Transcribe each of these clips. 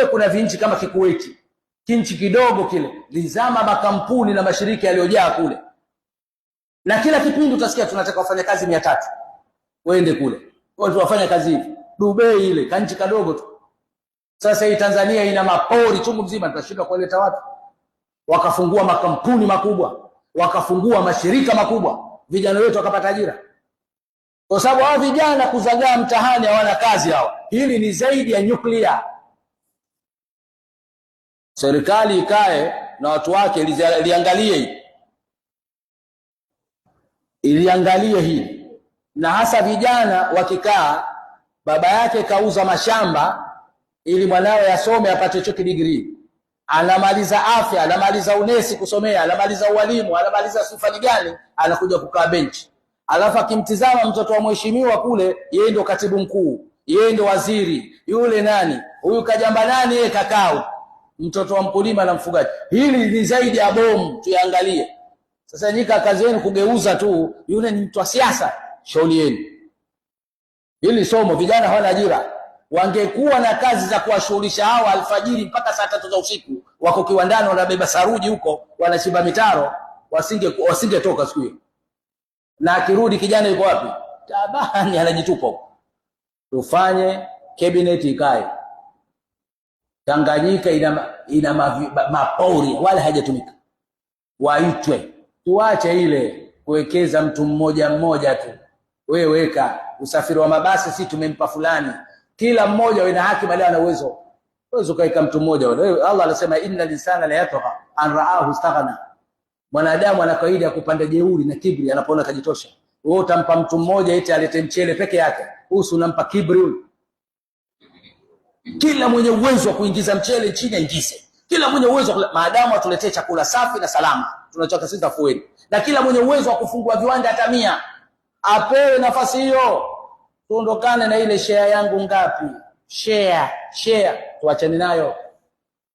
We, kuna vinchi kama Kikuweti, kinchi kidogo kile, lizama makampuni na mashirika yaliyojaa kule, na kila kipindi utasikia tunataka wafanyakazi mia tatu wende kule, wafanya kazi hivi. Dubai ile kanchi kadogo tu. Sasa hii Tanzania ina mapori chungu mzima, tutashindwa kuwaleta watu wakafungua makampuni makubwa, wakafungua mashirika makubwa, vijana wetu wakapata ajira, kwa sababu hao vijana kuzagaa mtahani hawana kazi hao. Hili ni zaidi ya nyuklia serikali ikae na watu wake, liangalie hii, iliangalie hii, na hasa vijana wakikaa, baba yake kauza mashamba ili mwanawe asome apate choki degree, anamaliza afya, anamaliza unesi kusomea, anamaliza ualimu, anamaliza sifani gani, anakuja kukaa benchi, alafu akimtizama mtoto wa mheshimiwa kule, yeye ndo katibu mkuu, yeye ndio waziri, yule nani, huyu kajamba nani, yeye kakao mtoto wa mkulima na mfugaji. Hili ni zaidi ya bomu, tuyaangalie. Sasa nyika, kazi yenu kugeuza tu, yule ni mtu wa siasa, shauri yenu. Hili somo, vijana hawana ajira. Wangekuwa na kazi za kuwashughulisha hawa, alfajiri mpaka saa tatu za usiku wako kiwandani, wanabeba saruji huko, wanachimba mitaro, wasingetoka wasinge siku hiyo. Na akirudi kijana yuko wapi? Tabani, anajitupa huko. Tufanye kabineti ikae Tanganyika ina, ina mapori wala hajatumika, waitwe. Tuache ile kuwekeza mtu mmoja mmoja tu, wewe weka usafiri wa mabasi, si tumempa fulani, kila mmoja ana haki bali ana uwezo uwezo, kaika mtu mmoja wewe. Allah anasema inna linsana la yatgha an raahu istaghna, mwanadamu ana kawaida ya kupanda jeuri na kibri anapoona kajitosha. Wewe utampa mtu mmoja eti alete mchele peke yake, usu unampa kibri huyu kila mwenye uwezo wa kuingiza mchele nchini aingize, kila mwenye uwezo maadamu atuletee chakula safi na salama, tunachoka sisi tafueni, na kila mwenye uwezo wa kufungua viwanda hata mia apewe nafasi hiyo. Tuondokane na ile share yangu ngapi, share share, tuachane nayo,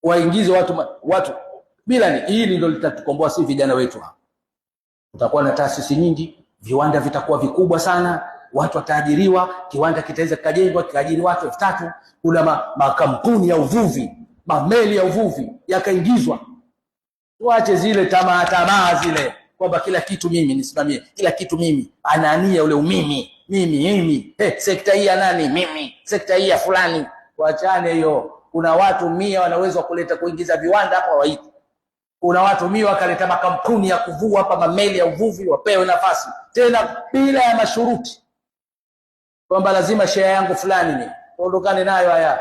waingize watu watu bila ni hili ndio litatukomboa sisi vijana wetu. Hapa utakuwa na taasisi nyingi, viwanda vitakuwa vikubwa sana watu wataajiriwa, kiwanda kitaweza kikajengwa kikaajiri watu elfu tatu. Kuna makampuni ma ya uvuvi, mameli ya uvuvi yakaingizwa. Tuache zile tamaa tamaa zile kwamba kila kitu mimi nisimamie, kila kitu mimi, anania ule umimi, mimi mimi, hey, sekta hii ya nani mimi, sekta hii ya fulani. Wachane hiyo. Kuna watu mia wanaweza kuleta kuingiza viwanda hapa waiti kuna watu mia wakaleta makampuni ya kuvua hapa, mameli ya uvuvi wapewe nafasi tena bila ya mashuruti kwamba lazima shehe yangu fulani ni ondokane nayo haya